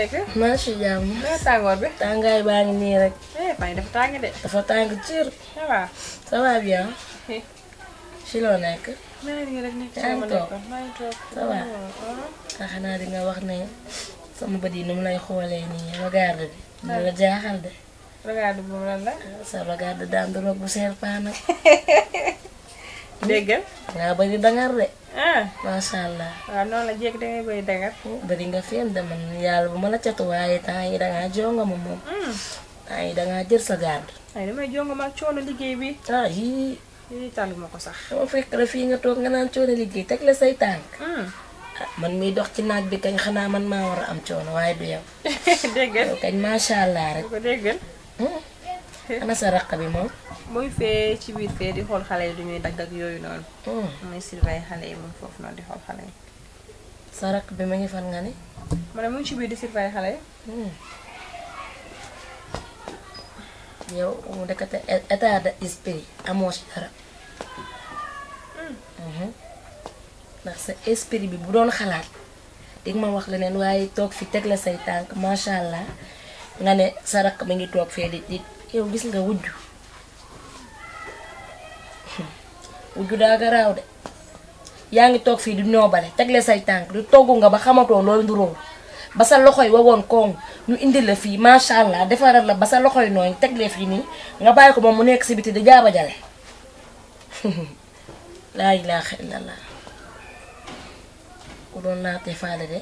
nekk. maa ngi si jàmm. tàngaay baa ngi nii rek. eh fay dafa tàng de. dafa tàng ciir. ça va. si loo nekk. maa ngi oh, oh. Ah, xanaa di nga wax ne sama bët yi nu mu lay xoolee nii regarde bi. mu la jaaxal de. regarde bu mu lan la. Ah, sa regarde daan du bu seer paa dégg nga bari dangar de masha allah waaw noonu la jéeg dangay bari dangar bari nga feen de man yàlla bu ma la catu waaye temps yi dangaa jonga ma moom temps yi dangaa jël sa gaad ay damay jonga ma ak coono bi ah yii yii taluma ko sax dama fekk la fii nga toog nga naan coono liggéey teg la say tànk man miy dox ci naaj bi kañ xanaa man maa war a am coono nah, waaye du yow déggal kañ masha allah rek déggal ana sa raq bi moy fe ci biir fe di xol xalé yi du ñuy dag ak yoyu non hmm. muy surveiller xale yi moom foofu noonu di xol xalé sarak bi ma ngi fan nga ni. ma ne mu ci biir di sylvain xalé yi. Hmm. yow mu nekkate état esprit amo ci dara. Hmm. ndax sa esprit bi bu doon xalaat dig ma wax leneen waye tok fi teg la say tank machallah nga ne sarak mi ngi tok fe di yow gis nga wujju. wujju daa garaaw de yaa ngi toog fii du di noobale tegle say tànk di togg nga ba xamatoo looy nduróol ba sa loxoy wawoon koŋ ñu indi la fii macha defaral la ba sa loxoy nooy tegle fii nii nga bàyyi ko moom mu nekk si biti di jaaba jale laa ilaaha illallah ku doon naatee faale de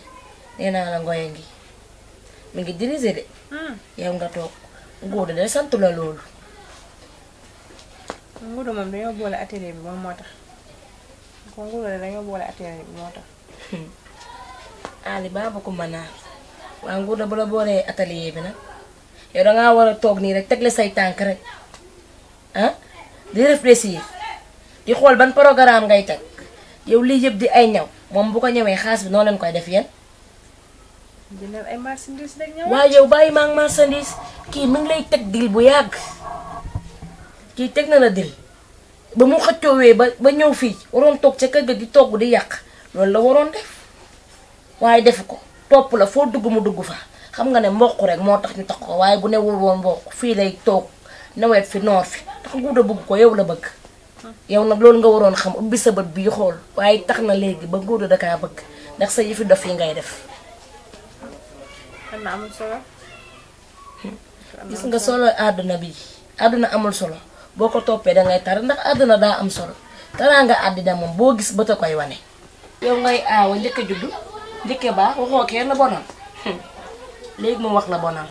nee naa la ngoye ngi mu ngi dirigé de hmm. yow nga toog ngóor de sant la loolu Ngouda moom dañoo boole atelier bi moom moo tax kon Ngouda dañoo boole atelier bi moo tax. Ali baba ko mën naa waaw bu la boolee atelier bi nag yow dangaa war a toog nii rek teg la say tànk rek ah di réfléchir di xool ban programme ngay teg yow lii yëpp di ay ñaw moom bu ko ñëwee xaas bi noo leen koy def yéen. jëndal ay marchandises rek ñëw. yow bàyyi ma ak kii mi ngi lay teg dil bu yàgg. kii teg na la dil ba mu xëccoowee ba ba ñëw fii waroon toog ca kër gi di togg di yàq loolu la waroon def waaye defu ko topp la foo dugg mu dugg fa xam nga ne mboq rek moo tax ñu tax ko waaye bu newul woon mboq fii lay toog nawet fi noor fi tax ko yow la bëgg yow nag loolu nga waroon xam ubbi sa bët bii xool waaye tax na léegi ba guuda dakaa bëgg ndax sa yëfi dof yi ngay def gis nga solo àdduna bi àdduna amul solo boo ko toppee da ngay tar ndax àdduna daa am solo taraanga àddina moom boo gis bët a koy wane. yow ngay aawa njëkk a juddu njëkk a baax waxoo kenn bonal léegi mu wax la bonal.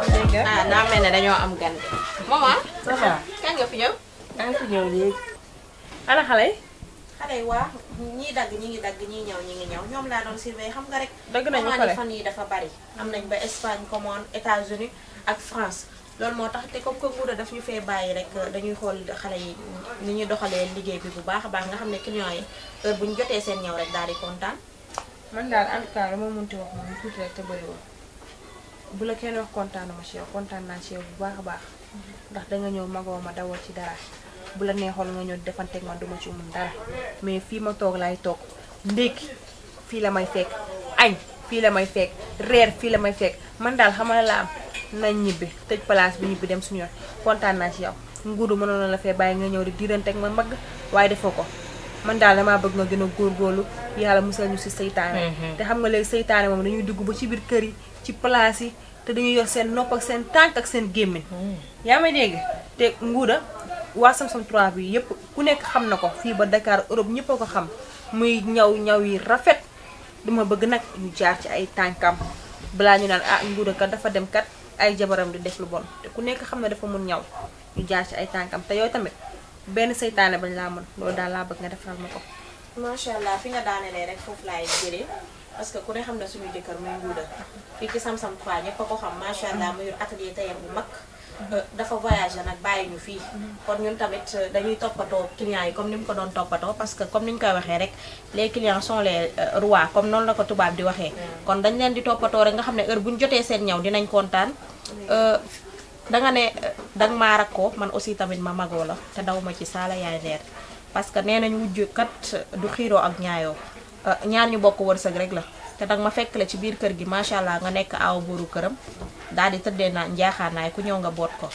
ah daa mel ne dañoo am gan. maman. ça kan nga fi ñëw. daa ngi fi ñëw léegi. ana xale yi. xale yi waa ñii dagg ñi ngi dagg ñii ñëw ñi ngi ñëw ñoom laa doon surveiller xam nga rek. dëgg nañu pare xam fan yi dafa bari. am nañ ba Espagne commande États-Unis ak France. loolu moo tax te comme que Ngouda daf ñu fee bàyyi rek dañuy xool xale yi ni ñuy doxalee liggéey bi bu baax a baax nga xam ne client yi heure bu ñu jotee seen ñëw rek daal di kontaan. man daal en tout cas la ma mënti wax moom tuuti rek te bu la kenn wax kontaanuma ci yow kontaan naa ci yow bu baax a baax ndax danga ñëw magoo ma dawal ci dara bu la neexoon nga ñëw defanteeg ma duma ci mun dara mais fii ma toog laay toog ndékki fii la may fekk añ fii la may fekk reer fii la may fekk man daal xamal la am nañ ñibbi tëj place bi ñibbi dem suñu yoon kontaan naa ci yow nguuru mënoon na la fee bàyyi nga ñëw di diiranteeg ma mag waaye defoo ko man daal damaa bëgg nga gën a góor góorgóorlu yàlla musal ñu si seytaane mhm. te xam nga léegi seytaane moom dañuy dugg ba ci biir kër yi ci place yi te dañuy yor seen nopp ak seen tànk ak seen gémmiñ mhm. yaa may dégg te nguuda waa Samsam 3 bi yëpp ku nekk xam na ko fii ba dakaar Europe ñëpp a ko xam muy ñaw ñaw yi rafet duma bëgg nag ñu jaar ci ay tànkam balaa ñu naan ah nguuda kat dafa dem kat ay jabaram di def lu bon te ku nekk xam na dafa mun ñaw ñu jaar ci ay tànkam te yow tamit benn seytaane bañ laa mën loolu daal laa bëgg nga defal ma ko. macha allah fi nga daanelee rek foofu laay jëlee parce que ku ne xam ne suñu jëkkër muy nguuda fii ci Samsam 3 ñëpp a ko xam macha allah muy atelier tailleur bu mag. dafa voyagé nag bàyyi ñu fii. kon ñun tamit dañuy toppatoo clients yi comme ni mu ko doon toppatoo parce que comme ni ñu koy waxee rek les clients sont les euh, comme noonu la ko tubaab di waxee. kon dañ leen di toppatoo rek nga xam ne heure bu ñu jotee seen ñaw dinañ kontaan. Euh, da nga ne dang mara ko man aussi tamit ma magoo la te dawuma ya ci sala yaay leer parce que nee wujju kat du xiro ak ñaayoo ah, ñaar ñu bokk wërseug rek la te dang ma fekk la ci biir kër gi machallah nga nekk aaw buru kërëm daal di tëddee na njaaxanaay ku ñow nga bot ko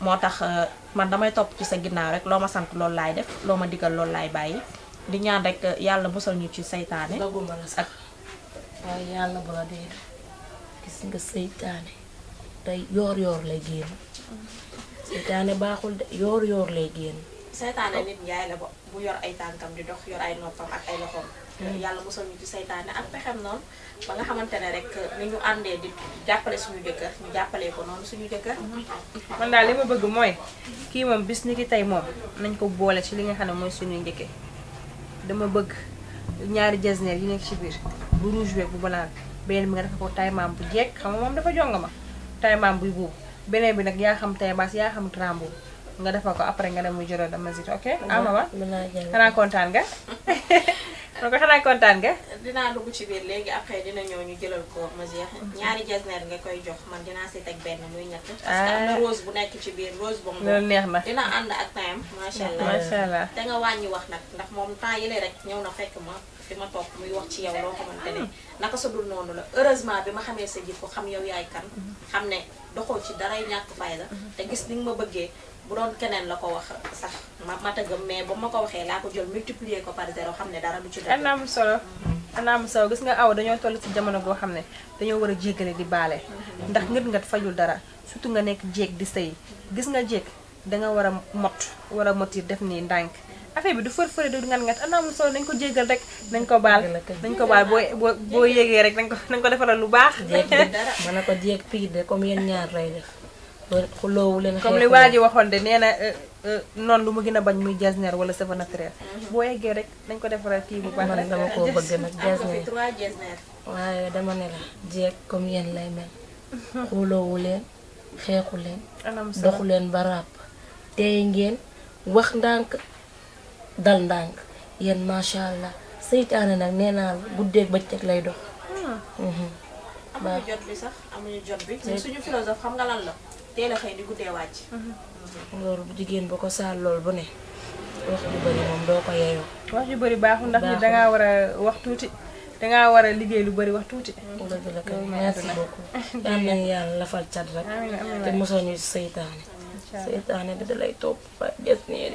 motax ah, man damay top ci sa ginnaw rek loma sant lool lay def loma digal lool lay bayyi di ñaan rek ah, yalla mussal ñu ci saytane ak waaye yàlla bu la gis nga saytane tay yor yor lay génn seytaane baxul de yor lay génn seytaane nit njaay la bu yor ay tankam di dox yor ay noppam ak ay loxom hmm. yalla mosal ñu ci seytaane ak pexem non ba nga xamantene rek ni ñu andé di jappalé suñu jëkkeur ñu jappalé ko non suñu jëkkeur hmm. man da lima bëgg moy ki mom bis ni ki tey moom nañ ko bolé ci li nga xamné moy suñu suñuy dama bëgg ñaari yi nekk ci biir bu rouge bu blanc mi nga ko mam bu jek xam mom dafa jongama mam buy bu benen bi nak ya xam taybaas ya xam grand nga defal ko après nga dem jëro jëloon dama si ok. ba xana contane nga. ma ko xanaa kontaan nga. dina dugg ci biir legi après ya, dina ñëw ñu jëlal ko Mazia. Ya? ñaari jasner nga koy jox man dina sey tek ben muy ñatt parce que am rose bu nekk ci biir rose bon. loolu neex na dina ànd ak ma sha allah sha allah. te nga wañi wax nak ndax moom temps yële ya, rek ñew na fekk ma. fi ma toog muy wax ci yow loo xamante ne naka sa noonu la heureusement bi ma xamee sa jikko xam yow yaay kan xam ne doxoo ci daray ñàkk fay la te gis ni nga ma bëggee bu doon keneen la ko wax sax ma ma tëggam mais ba ma ko waxee laa ko jël multiplier ko par zéro xam ne dara du ci def anam solo anam solo gis nga aw dañoo toll ci jamono goo xam ne dañoo war a jéggale di baale ndax ngat ngat fajul dara surtout nga nekk jéeg di sëy gis nga jéeg danga war a mot war a motir def nii ndànk affaire bi du fërfëre du ngan ngat ana am nañ ko jéggal rek nañ ko baal nañ ko baal boo boo yégee rek nañ ko nañ ko defaral lu baax ma na ko jéeg piir de comme yéen ñaar lay def xuloowu leen comme li waa ji waxoon de nee na euh, euh, noonu lu mu gën a bañ muy jasner wala sava naturel mhm. boo yeggee rek nañ ko defaral kii bu baax man dama waaye dama ne la jéeg lay mel xuloowu xeexu leen doxu leen ba ràpp tey ngeen wax ndànk dal ndànk yéen macha allah seytaane nag nee naa ba guddeeg lay dox. Ah. Mhm. amuñu jot sax amuñu jot bi. mais suñu philosophe xam nga la teel mhm. loolu jigéen ba ko saal loolu bu ne wax ju bëri moom doo ko yeyoo. wax ju bëri baaxul ndax ni dangaa war a wax tuuti. dangaa war a liggéey lu bari wax tuuti. Mm. dëgg la kay merci beaucoup. am nañu yàlla lafal cat rek. te mosoo ñu seytaane. seytaane da lay topp ba des nii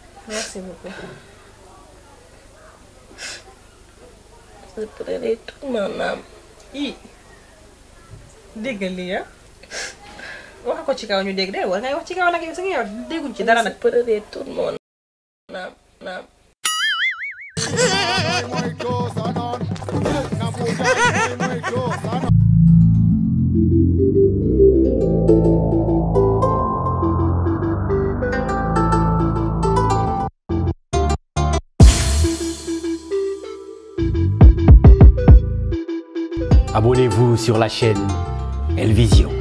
merci beaucoup. je prendrai toute mon âme. ii dégg lii ah ci kaw ñu dégg de war ngay wax ci kaw nag yow si nga yow dégguñ ci dara nag. je sur la chaîne Elvision.